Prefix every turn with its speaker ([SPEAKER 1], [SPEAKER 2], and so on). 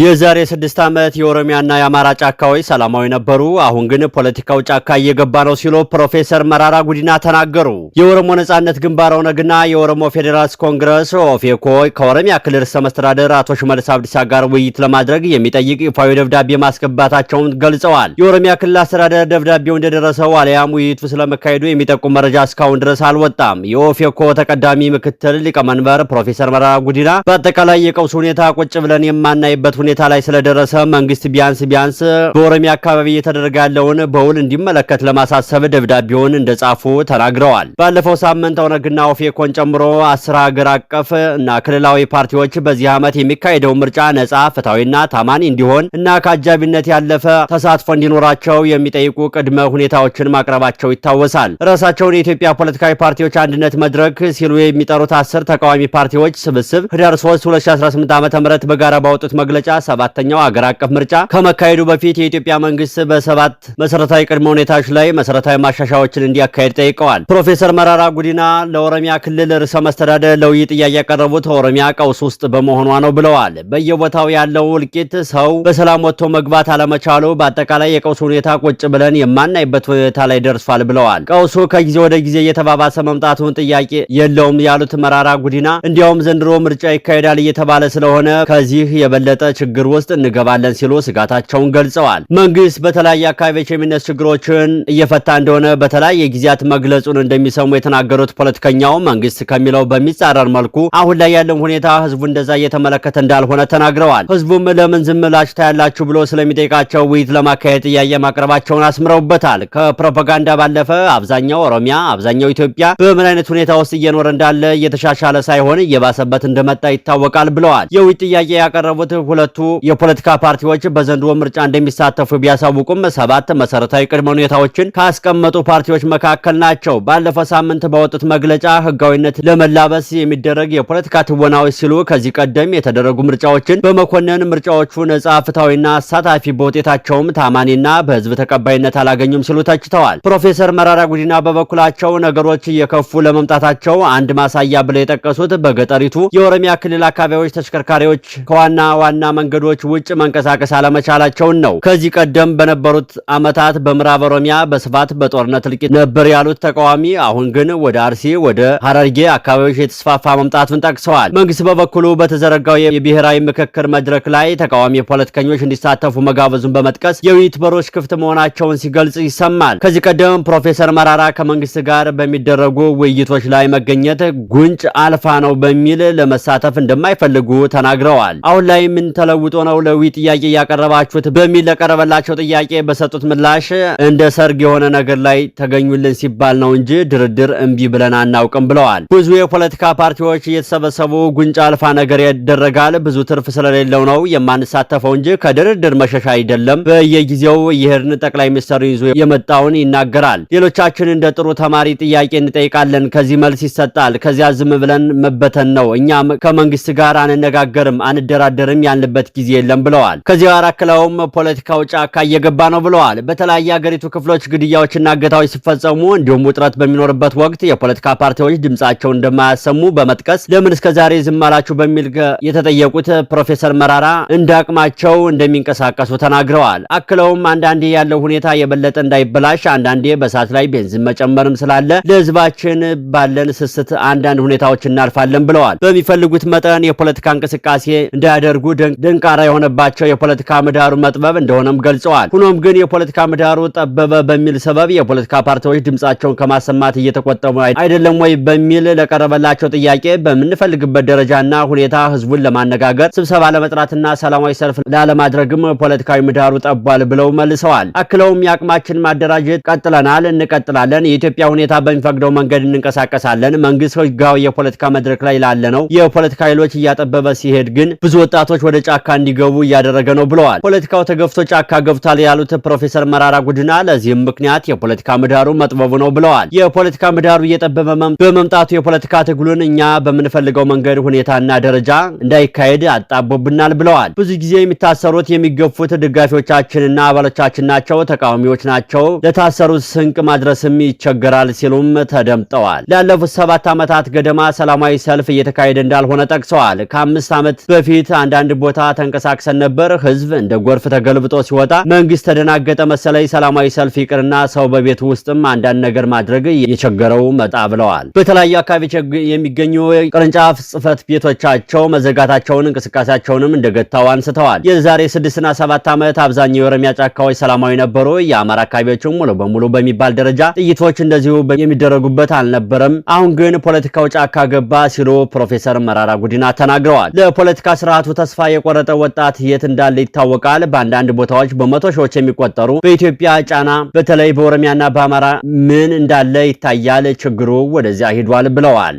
[SPEAKER 1] የዛሬ ስድስት ዓመት የኦሮሚያና የአማራ ጫካዎች ሰላማዊ ነበሩ፣ አሁን ግን ፖለቲካው ጫካ እየገባ ነው ሲሉ ፕሮፌሰር መራራ ጉዲና ተናገሩ። የኦሮሞ ነጻነት ግንባር ኦነግና የኦሮሞ ፌዴራልስ ኮንግረስ ኦፌኮ ከኦሮሚያ ክልል ርዕሰ መስተዳደር አቶ ሽመልስ አብዲሳ ጋር ውይይት ለማድረግ የሚጠይቅ ይፋዊ ደብዳቤ ማስገባታቸውን ገልጸዋል። የኦሮሚያ ክልል አስተዳደር ደብዳቤው እንደደረሰው አሊያም ውይይቱ ስለመካሄዱ የሚጠቁም መረጃ እስካሁን ድረስ አልወጣም። የኦፌኮ ተቀዳሚ ምክትል ሊቀመንበር ፕሮፌሰር መራራ ጉዲና በአጠቃላይ የቀውስ ሁኔታ ቁጭ ብለን የማናይበት ሁኔታ ላይ ስለደረሰ መንግስት ቢያንስ ቢያንስ በኦሮሚያ አካባቢ እየተደረገ ያለውን በውል እንዲመለከት ለማሳሰብ ደብዳቤውን እንደጻፉ ተናግረዋል። ባለፈው ሳምንት ኦነግና ኦፌኮን ጨምሮ አስር ሀገር አቀፍ እና ክልላዊ ፓርቲዎች በዚህ ዓመት የሚካሄደው ምርጫ ነጻ፣ ፍትሐዊና ታማኒ እንዲሆን እና ከአጃቢነት ያለፈ ተሳትፎ እንዲኖራቸው የሚጠይቁ ቅድመ ሁኔታዎችን ማቅረባቸው ይታወሳል። ራሳቸውን የኢትዮጵያ ፖለቲካዊ ፓርቲዎች አንድነት መድረክ ሲሉ የሚጠሩት አስር ተቃዋሚ ፓርቲዎች ስብስብ ህዳር 3 2018 ዓ ም በጋራ ባወጡት መግለጫ ሰባተኛው አገር አቀፍ ምርጫ ከመካሄዱ በፊት የኢትዮጵያ መንግስት በሰባት መሰረታዊ ቅድመ ሁኔታዎች ላይ መሰረታዊ ማሻሻያዎችን እንዲያካሄድ ጠይቀዋል። ፕሮፌሰር መራራ ጉዲና ለኦሮሚያ ክልል ርዕሰ መስተዳደር ለውይይት ጥያቄ ያቀረቡት ኦሮሚያ ቀውስ ውስጥ በመሆኗ ነው ብለዋል። በየቦታው ያለው እልቂት፣ ሰው በሰላም ወጥቶ መግባት አለመቻሉ፣ በአጠቃላይ የቀውሱ ሁኔታ ቁጭ ብለን የማናይበት ሁኔታ ላይ ደርሷል ብለዋል። ቀውሱ ከጊዜ ወደ ጊዜ እየተባባሰ መምጣቱን ጥያቄ የለውም ያሉት መራራ ጉዲና እንዲያውም ዘንድሮ ምርጫ ይካሄዳል እየተባለ ስለሆነ ከዚህ የበለጠ ችግር ውስጥ እንገባለን ሲሉ ስጋታቸውን ገልጸዋል። መንግስት በተለያየ አካባቢዎች የሚነሱ ችግሮችን እየፈታ እንደሆነ በተለያየ ጊዜያት መግለጹን እንደሚሰሙ የተናገሩት ፖለቲከኛው መንግስት ከሚለው በሚጻረር መልኩ አሁን ላይ ያለው ሁኔታ ህዝቡ እንደዛ እየተመለከተ እንዳልሆነ ተናግረዋል። ህዝቡም ለምን ዝም ታያላችሁ ብሎ ስለሚጠይቃቸው ውይይት ለማካሄድ ጥያቄ ማቅረባቸውን አስምረውበታል። ከፕሮፓጋንዳ ባለፈ አብዛኛው ኦሮሚያ፣ አብዛኛው ኢትዮጵያ በምን አይነት ሁኔታ ውስጥ እየኖረ እንዳለ እየተሻሻለ ሳይሆን እየባሰበት እንደመጣ ይታወቃል ብለዋል። የውይይት ጥያቄ ያቀረቡት ሁለ ሁለቱ የፖለቲካ ፓርቲዎች በዘንድሮ ምርጫ እንደሚሳተፉ ቢያሳውቁም ሰባት መሰረታዊ ቅድመ ሁኔታዎችን ካስቀመጡ ፓርቲዎች መካከል ናቸው። ባለፈው ሳምንት በወጡት መግለጫ ህጋዊነት ለመላበስ የሚደረግ የፖለቲካ ትወናዎች ሲሉ ከዚህ ቀደም የተደረጉ ምርጫዎችን በመኮንን ምርጫዎቹ ነጻ፣ ፍትሐዊና አሳታፊ በውጤታቸውም ታማኒና በህዝብ ተቀባይነት አላገኙም ሲሉ ተችተዋል። ፕሮፌሰር መራራ ጉዲና በበኩላቸው ነገሮች እየከፉ ለመምጣታቸው አንድ ማሳያ ብለው የጠቀሱት በገጠሪቱ የኦሮሚያ ክልል አካባቢዎች ተሽከርካሪዎች ከዋና ዋና መንገዶች ውጭ መንቀሳቀስ አለመቻላቸውን ነው። ከዚህ ቀደም በነበሩት ዓመታት በምዕራብ ኦሮሚያ በስፋት በጦርነት እልቂት ነበር ያሉት ተቃዋሚ አሁን ግን ወደ አርሲ፣ ወደ ሀረርጌ አካባቢዎች የተስፋፋ መምጣቱን ጠቅሰዋል። መንግስት በበኩሉ በተዘረጋው የብሔራዊ ምክክር መድረክ ላይ ተቃዋሚ ፖለቲከኞች እንዲሳተፉ መጋበዙን በመጥቀስ የውይይት በሮች ክፍት መሆናቸውን ሲገልጽ ይሰማል። ከዚህ ቀደም ፕሮፌሰር መራራ ከመንግስት ጋር በሚደረጉ ውይይቶች ላይ መገኘት ጉንጭ አልፋ ነው በሚል ለመሳተፍ እንደማይፈልጉ ተናግረዋል። አሁን ላይ ምን ተለውጦ ነው ለዊ ጥያቄ እያቀረባችሁት በሚል ለቀረበላቸው ጥያቄ በሰጡት ምላሽ እንደ ሰርግ የሆነ ነገር ላይ ተገኙልን ሲባል ነው እንጂ ድርድር እምቢ ብለን አናውቅም ብለዋል። ብዙ የፖለቲካ ፓርቲዎች እየተሰበሰቡ ጉንጫ አልፋ ነገር ይደረጋል፣ ብዙ ትርፍ ስለሌለው ነው የማንሳተፈው እንጂ ከድርድር መሸሻ አይደለም። በየጊዜው እየሄድን ጠቅላይ ሚኒስትሩን ይዞ የመጣውን ይናገራል። ሌሎቻችን እንደ ጥሩ ተማሪ ጥያቄ እንጠይቃለን፣ ከዚህ መልስ ይሰጣል። ከዚያ ዝም ብለን መበተን ነው። እኛም ከመንግስት ጋር አንነጋገርም፣ አንደራደርም ያልንበት የሚችልበት ጊዜ የለም ብለዋል። ከዚያው አራክለውም ፖለቲካው ጫካ እየገባ ነው ብለዋል። በተለያየ አገሪቱ ክፍሎች ግድያዎችና እገታዎች ሲፈጸሙ እንዲሁም ውጥረት በሚኖርበት ወቅት የፖለቲካ ፓርቲዎች ድምጻቸው እንደማያሰሙ በመጥቀስ ለምን እስከዛሬ ዝም አላችሁ በሚል የተጠየቁት ፕሮፌሰር መራራ እንደ አቅማቸው እንደሚንቀሳቀሱ ተናግረዋል። አክለውም አንዳንዴ ያለው ሁኔታ የበለጠ እንዳይበላሽ አንዳንዴ በእሳት ላይ ቤንዚን መጨመርም ስላለ ለህዝባችን ባለን ስስት አንዳንድ ሁኔታዎች እናልፋለን ብለዋል። በሚፈልጉት መጠን የፖለቲካ እንቅስቃሴ እንዳያደርጉ ደንቃራ የሆነባቸው የፖለቲካ ምህዳሩ መጥበብ እንደሆነም ገልጸዋል። ሆኖም ግን የፖለቲካ ምህዳሩ ጠበበ በሚል ሰበብ የፖለቲካ ፓርቲዎች ድምጻቸውን ከማሰማት እየተቆጠቡ አይደለም ወይ በሚል ለቀረበላቸው ጥያቄ በምንፈልግበት ደረጃና ሁኔታ ህዝቡን ለማነጋገር ስብሰባ ለመጥራትና ሰላማዊ ሰልፍ ላለማድረግም ፖለቲካዊ ምህዳሩ ጠቧል ብለው መልሰዋል። አክለውም የአቅማችን ማደራጀት ቀጥለናል፣ እንቀጥላለን፣ የኢትዮጵያ ሁኔታ በሚፈቅደው መንገድ እንንቀሳቀሳለን። መንግስት ህጋዊ የፖለቲካ መድረክ ላይ ነው። የፖለቲካ ኃይሎች እያጠበበ ሲሄድ ግን ብዙ ወጣቶች ወደ ጫ ጫካ እንዲገቡ እያደረገ ነው ብለዋል። ፖለቲካው ተገፍቶ ጫካ ገብቷል ያሉት ፕሮፌሰር መራራ ጉድና ለዚህም ምክንያት የፖለቲካ ምህዳሩ መጥበቡ ነው ብለዋል። የፖለቲካ ምህዳሩ እየጠበበ በመምጣቱ የፖለቲካ ትግሉን እኛ በምንፈልገው መንገድ ሁኔታና ደረጃ እንዳይካሄድ አጣቦብናል ብለዋል። ብዙ ጊዜ የሚታሰሩት የሚገፉት ደጋፊዎቻችንና አባሎቻችን ናቸው፣ ተቃዋሚዎች ናቸው። ለታሰሩት ስንቅ ማድረስም ይቸገራል ሲሉም ተደምጠዋል። ላለፉት ሰባት ዓመታት ገደማ ሰላማዊ ሰልፍ እየተካሄደ እንዳልሆነ ጠቅሰዋል። ከአምስት ዓመት በፊት አንዳንድ ቦታ ተንቀሳቅሰን ነበር። ህዝብ እንደ ጎርፍ ተገልብጦ ሲወጣ መንግስት ተደናገጠ መሰለኝ። ሰላማዊ ሰልፍ ይቅርና ሰው በቤት ውስጥም አንዳንድ ነገር ማድረግ የቸገረው መጣ ብለዋል። በተለያዩ አካባቢ የሚገኙ ቅርንጫፍ ጽህፈት ቤቶቻቸው መዘጋታቸውን እንቅስቃሴያቸውንም እንደገታው አንስተዋል። የዛሬ ስድስትና ሰባት ዓመት አብዛኛው የኦሮሚያ ጫካዎች ሰላማዊ ነበሩ። የአማራ አካባቢዎችም ሙሉ በሙሉ በሚባል ደረጃ ጥይቶች እንደዚሁ የሚደረጉበት አልነበረም። አሁን ግን ፖለቲካው ጫካ ገባ ሲሉ ፕሮፌሰር መራራ ጉዲና ተናግረዋል። ለፖለቲካ ስርዓቱ ተስፋ የተቆረጠ ወጣት የት እንዳለ ይታወቃል። በአንዳንድ ቦታዎች በመቶ ሺዎች የሚቆጠሩ በኢትዮጵያ ጫና በተለይ በኦሮሚያና በአማራ ምን እንዳለ ይታያል። ችግሩ ወደዚያ ሂዷል ብለዋል።